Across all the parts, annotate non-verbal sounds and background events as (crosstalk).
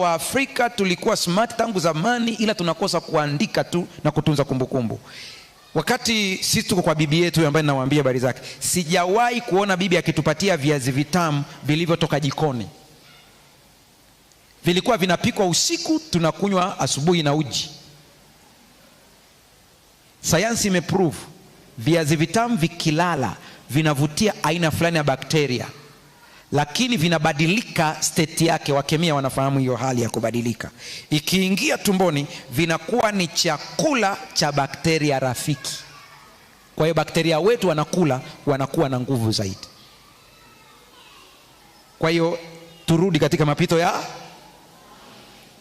Waafrika tulikuwa smart tangu zamani, ila tunakosa kuandika tu na kutunza kumbukumbu kumbu. Wakati sisi tuko kwa bibi yetu ambaye ninawaambia habari zake, sijawahi kuona bibi akitupatia viazi vitamu vilivyotoka jikoni. Vilikuwa vinapikwa usiku, tunakunywa asubuhi na uji. Sayansi imeprove viazi vitamu vikilala vinavutia aina fulani ya bakteria lakini vinabadilika steti yake. Wakemia wanafahamu hiyo hali ya kubadilika, ikiingia tumboni vinakuwa ni chakula cha bakteria rafiki. Kwa hiyo bakteria wetu wanakula, wanakuwa na nguvu zaidi. Kwa hiyo turudi katika mapito ya,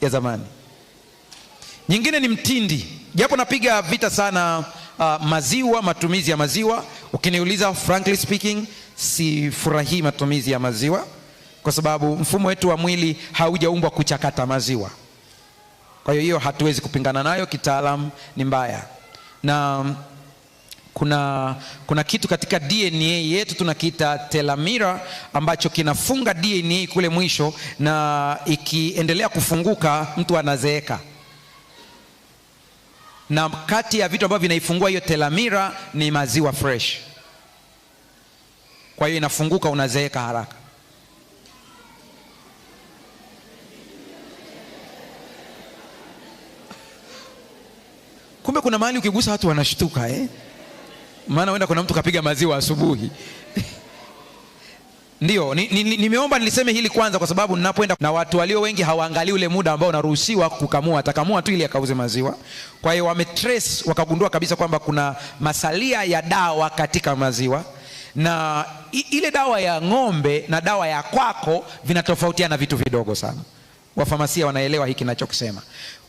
ya zamani. Nyingine ni mtindi, japo napiga vita sana uh, maziwa, matumizi ya maziwa. Ukiniuliza frankly speaking sifurahii matumizi ya maziwa kwa sababu mfumo wetu wa mwili haujaumbwa kuchakata maziwa. Kwa hiyo hiyo hatuwezi kupingana nayo, kitaalam ni mbaya, na kuna, kuna kitu katika DNA yetu tunakiita telamira ambacho kinafunga DNA kule mwisho, na ikiendelea kufunguka mtu anazeeka na kati ya vitu ambavyo vinaifungua hiyo telamira ni maziwa fresh kwa hiyo inafunguka, unazeeka haraka. Kumbe kuna mahali ukigusa watu wanashtuka eh? Maana wenda kuna mtu kapiga maziwa asubuhi (laughs) Ndiyo, nimeomba ni, ni niliseme hili kwanza, kwa sababu ninapoenda na watu walio wengi hawaangalii ule muda ambao unaruhusiwa kukamua. Atakamua tu ili akauze maziwa. Kwa hiyo wametrace, wakagundua kabisa kwamba kuna masalia ya dawa katika maziwa na ile dawa ya ng'ombe na dawa ya kwako vinatofautiana vitu vidogo sana. Wafamasia wanaelewa hiki ninachokisema.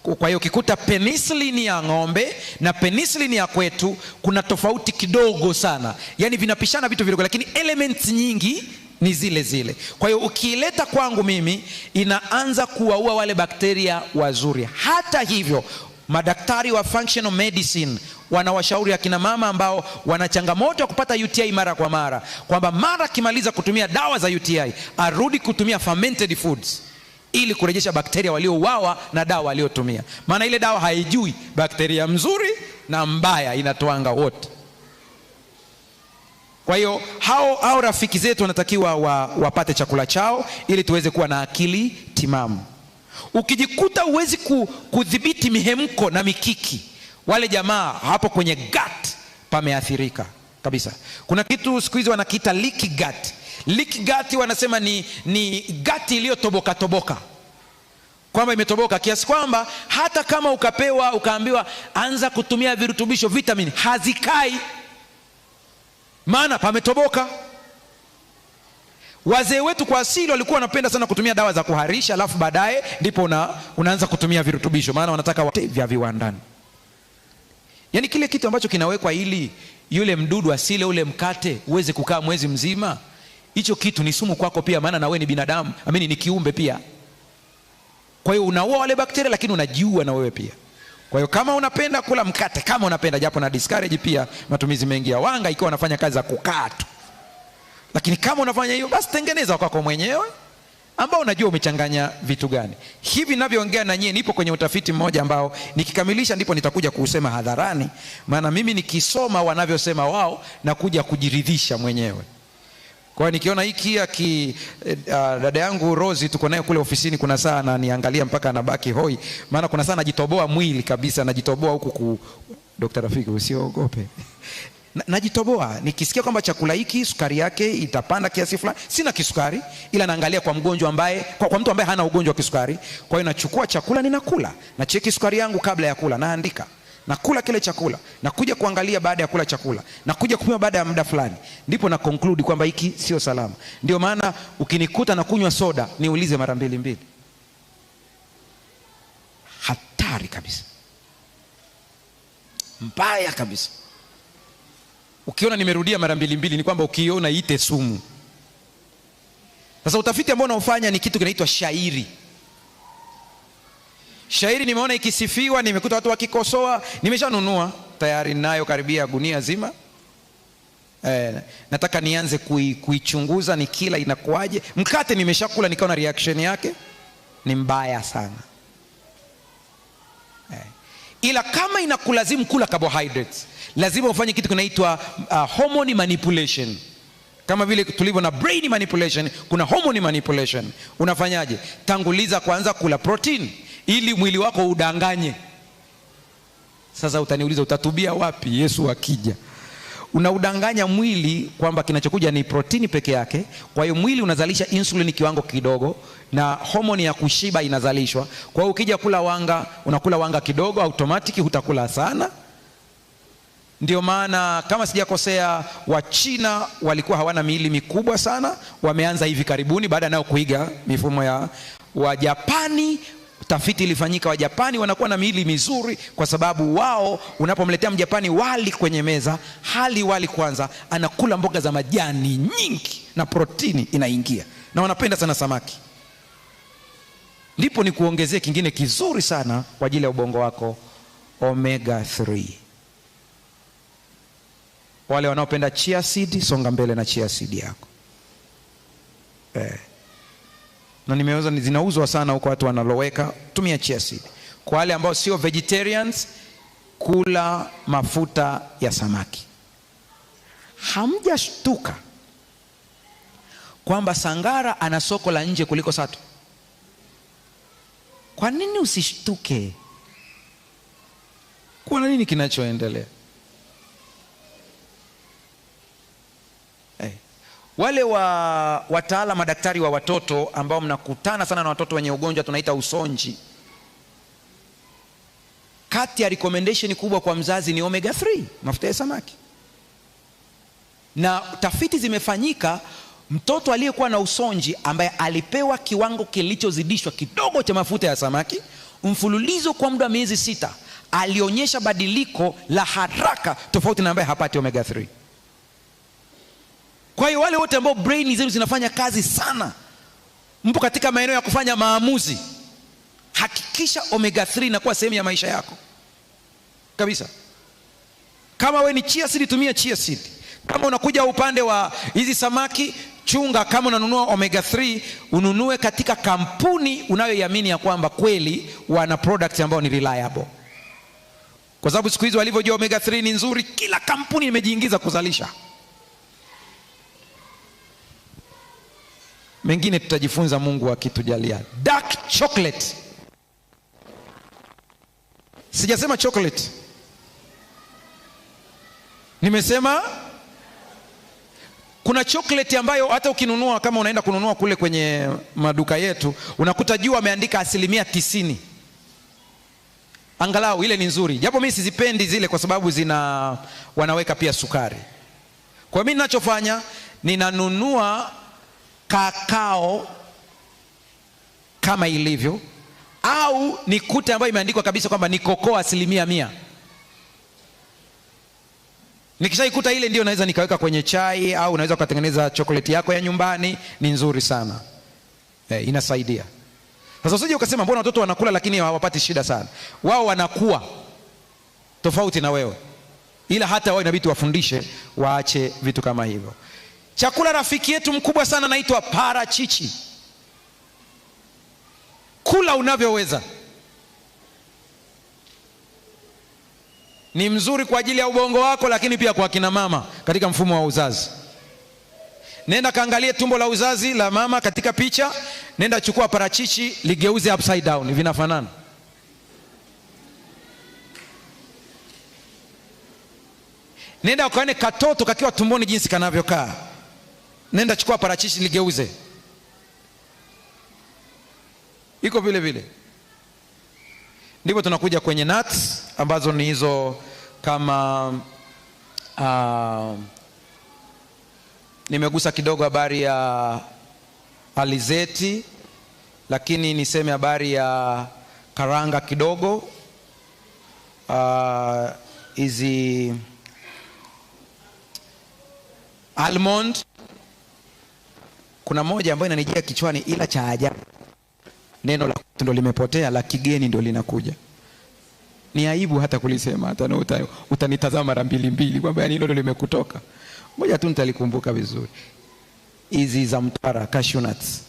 Kwa hiyo ukikuta penicillin ya ng'ombe na penicillin ya kwetu kuna tofauti kidogo sana, yaani vinapishana vitu vidogo, lakini elements nyingi ni zile zile. Kwa hiyo ukiileta kwangu mimi inaanza kuwaua wale bakteria wazuri. Hata hivyo Madaktari wa functional medicine wanawashauri akina mama ambao wana changamoto ya kupata UTI mara kwa mara kwamba mara akimaliza kutumia dawa za UTI arudi kutumia fermented foods ili kurejesha bakteria waliouawa na dawa aliyotumia, maana ile dawa haijui bakteria mzuri na mbaya, inatoanga wote. Kwa hiyo hao, hao rafiki zetu wanatakiwa wapate wa chakula chao ili tuweze kuwa na akili timamu. Ukijikuta uwezi kudhibiti mihemko na mikiki, wale jamaa hapo kwenye gut pameathirika kabisa. Kuna kitu siku hizi wanakiita leaky gut. Leaky gut wanasema ni, ni gut iliyotoboka toboka, kwamba imetoboka kiasi kwamba hata kama ukapewa ukaambiwa anza kutumia virutubisho vitamin hazikai, maana pametoboka. Wazee wetu kwa asili walikuwa wanapenda sana kutumia dawa za kuharisha, alafu baadaye ndipo una, unaanza kutumia virutubisho, maana wanataka vya viwandani, yaani kile kitu ambacho kinawekwa ili yule mdudu asile ule mkate uweze kukaa mwezi mzima. Hicho kitu ni sumu kwako pia, maana na wewe ni binadamu, amini, ni kiumbe pia. Kwa hiyo unaua wale bakteria, lakini unajiua na wewe pia. Kwa hiyo kama unapenda kula mkate, kama unapenda japo, na discourage pia matumizi mengi ya wanga, ikiwa wanafanya kazi za kukaa tu. Lakini kama unafanya hiyo, basi tengeneza kwako mwenyewe ambao unajua umechanganya vitu gani. Hivi ninavyoongea na nyie, nipo kwenye utafiti mmoja ambao nikikamilisha ndipo nitakuja kuusema hadharani, maana mimi nikisoma wanavyosema wao na kuja kujiridhisha mwenyewe. Kwa nikiona hiki aki eh, ah, dada yangu Rozi tuko naye kule ofisini, kuna saa ananiangalia mpaka anabaki hoi, maana kuna saa anajitoboa mwili kabisa, anajitoboa huku ku Dr. Rafiki, usiogope najitoboa nikisikia kwamba chakula hiki sukari yake itapanda kiasi fulani. Sina kisukari, ila naangalia kwa mgonjwa ambaye, kwa, kwa mtu ambaye hana ugonjwa wa kisukari. Kwa hiyo nachukua chakula ninakula, nacheki sukari yangu kabla ya kula, naandika nakula kile chakula, nakuja kuangalia baada ya kula chakula, nakuja kupima baada ya muda fulani, ndipo na conclude kwamba hiki sio salama. Ndio maana ukinikuta na kunywa soda, niulize mara mbili mbili. Hatari kabisa, mbaya kabisa. Ukiona nimerudia mara mbili mbili, ni kwamba ukiona iite sumu. Sasa utafiti ambao unaofanya ni kitu kinaitwa shairi. Shairi nimeona ikisifiwa, nimekuta watu wakikosoa, nimeshanunua tayari, nayo karibia gunia zima. Eh, nataka nianze kui, kuichunguza ni kila inakuwaje. Mkate nimeshakula nikaona reaction yake ni mbaya sana eh ila kama inakulazimu kula carbohydrates lazima ufanye kitu kinaitwa uh, hormone manipulation kama vile tulivyo na brain manipulation kuna hormone manipulation unafanyaje tanguliza kwanza kula protein ili mwili wako udanganye sasa utaniuliza utatubia wapi yesu akija unaudanganya mwili kwamba kinachokuja ni protini peke yake kwa hiyo mwili unazalisha insulin kiwango kidogo na homoni ya kushiba inazalishwa. Kwa hiyo ukija kula wanga, unakula wanga kidogo, automatiki hutakula sana. Ndio maana kama sijakosea, Wachina walikuwa hawana miili mikubwa sana, wameanza hivi karibuni baada nao kuiga mifumo ya Wajapani. Tafiti ilifanyika, Wajapani wanakuwa na miili mizuri kwa sababu wao, unapomletea Mjapani wali kwenye meza, hali wali kwanza, anakula mboga za majani nyingi na protini inaingia, na wanapenda sana samaki ndipo nikuongezee kingine kizuri sana kwa ajili ya ubongo wako, omega 3. Wale wanaopenda chia seed, songa mbele na chia seed yako eh. Na nimeweza zinauzwa sana huko, watu wanaloweka, tumia chia seed. Kwa wale ambao sio vegetarians, kula mafuta ya samaki. Hamjashtuka kwamba Sangara ana soko la nje kuliko satu kwa nini usishtuke? Kuna nini kinachoendelea? Eh, wale wa wataalamu madaktari wa watoto ambao mnakutana sana na watoto wenye ugonjwa tunaita usonji, kati ya recommendation kubwa kwa mzazi ni omega 3, mafuta ya samaki, na tafiti zimefanyika mtoto aliyekuwa na usonji ambaye alipewa kiwango kilichozidishwa kidogo cha mafuta ya samaki mfululizo kwa muda wa miezi sita alionyesha badiliko la haraka tofauti na ambaye hapati omega 3 kwa hiyo wale wote ambao brain zenu zinafanya kazi sana mpo katika maeneo ya kufanya maamuzi hakikisha omega 3 inakuwa sehemu ya maisha yako kabisa kama we ni chia sidi tumia chia sidi kama unakuja upande wa hizi samaki chunga kama unanunua omega 3 ununue katika kampuni unayoiamini ya kwamba kweli wana product ambayo ni reliable kwa sababu siku hizi walivyojua omega 3 ni nzuri kila kampuni imejiingiza kuzalisha mengine tutajifunza mungu akitujalia dark chocolate sijasema chocolate nimesema kuna chocolate ambayo hata ukinunua kama unaenda kununua kule kwenye maduka yetu unakuta juu ameandika asilimia tisini angalau ile ni nzuri japo mi sizipendi zile kwa sababu zina wanaweka pia sukari kwa mi ninachofanya ninanunua kakao kama ilivyo au nikute ambayo imeandikwa kabisa kwamba ni kokoa asilimia mia nikishaikuta ile ndio naweza nikaweka kwenye chai au unaweza ukatengeneza chokoleti yako ya nyumbani ni nzuri sana e, inasaidia sasa usije ukasema mbona watoto wanakula lakini hawapati shida sana wao wanakuwa tofauti na wewe ila hata wao inabidi tuwafundishe waache vitu kama hivyo chakula rafiki yetu mkubwa sana naitwa parachichi kula unavyoweza ni mzuri kwa ajili ya ubongo wako, lakini pia kwa kina mama katika mfumo wa uzazi. Nenda kaangalie tumbo la uzazi la mama katika picha. Nenda chukua parachichi, ligeuze upside down, vinafanana. Nenda ukaone katoto kakiwa tumboni jinsi kanavyokaa. Nenda chukua parachichi, ligeuze, iko vile vile. Ndipo tunakuja kwenye nuts ambazo ni hizo kama uh, nimegusa kidogo habari ya alizeti, lakini niseme habari ya karanga kidogo ah, hizi uh, almond. Kuna moja ambayo inanijia kichwani, ila cha ajabu, neno la ndo limepotea, la kigeni ndo linakuja ni aibu hata kulisema, hata na uta, utanitazama mara mbili mbili kwamba yani hilo limekutoka. Moja tu nitalikumbuka vizuri, hizi za Mtwara, cashew nuts,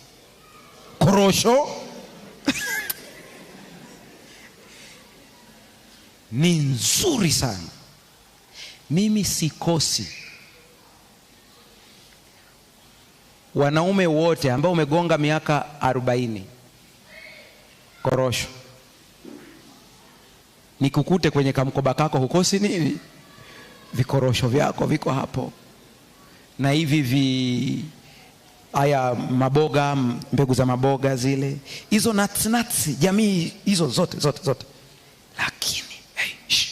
korosho (laughs) ni nzuri sana, mimi sikosi. Wanaume wote ambao umegonga miaka arobaini, korosho nikukute kwenye kamkoba kako hukosi nini? Vikorosho vyako viko hapo, na hivi vi haya maboga, mbegu za maboga zile, hizo nuts nuts, jamii hizo zote zote zote, lakini hey, shh,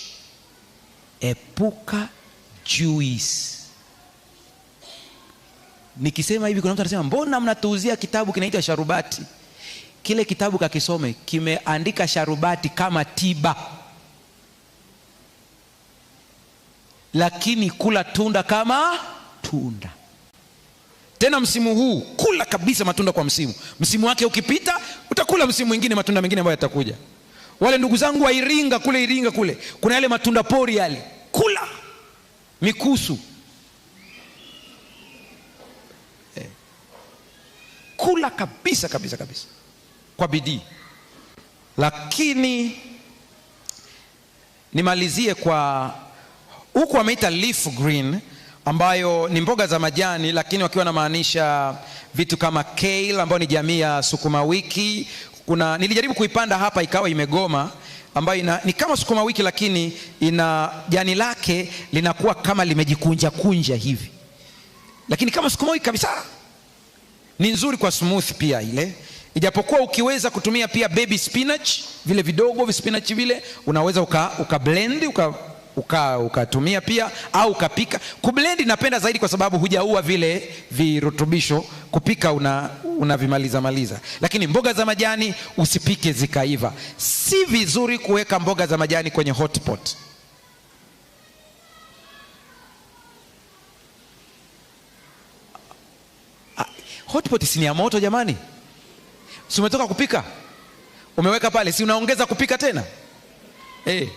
epuka juice. Nikisema hivi, kuna mtu anasema mbona mnatuuzia kitabu kinaitwa sharubati? Kile kitabu kakisome, kimeandika sharubati kama tiba lakini kula tunda kama tunda. Tena msimu huu kula kabisa matunda kwa msimu. Msimu wake ukipita, utakula msimu mwingine, matunda mengine ambayo yatakuja. Wale ndugu zangu wa Iringa kule, Iringa kule kuna yale matunda pori yale, kula mikusu eh, kula kabisa kabisa kabisa kwa bidii. Lakini nimalizie kwa huku wameita leaf green ambayo ni mboga za majani, lakini wakiwa wanamaanisha vitu kama kale ambayo ni jamii ya sukuma wiki. Kuna nilijaribu kuipanda hapa ikawa imegoma, ambayo ina, ni kama sukuma wiki lakini ina jani lake linakuwa kama limejikunja kunja hivi, lakini kama sukuma wiki kabisa. Ni nzuri kwa smooth pia ile, ijapokuwa ukiweza kutumia pia baby spinach vile vidogo vispinach vile unaweza uka, uka blend uka uka, ukatumia pia au ukapika. Kublendi napenda zaidi kwa sababu hujaua vile virutubisho, kupika una unavimaliza maliza. Lakini mboga za majani usipike zikaiva. Si vizuri kuweka mboga za majani kwenye hotpot. Hotpot si ni ya moto jamani? Si umetoka kupika, umeweka pale, si unaongeza kupika tena eh?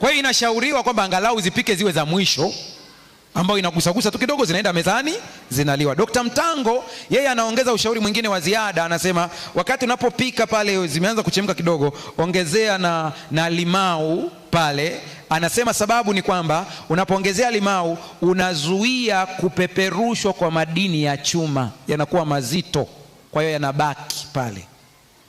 Kwa hiyo inashauriwa kwamba angalau zipike ziwe za mwisho, ambayo inagusagusa tu kidogo, zinaenda mezani, zinaliwa. Dr. Mtango yeye anaongeza ushauri mwingine wa ziada, anasema wakati unapopika pale zimeanza kuchemka kidogo, ongezea na, na limau pale. Anasema sababu ni kwamba unapoongezea limau unazuia kupeperushwa kwa madini ya chuma, yanakuwa mazito, kwa hiyo yanabaki pale.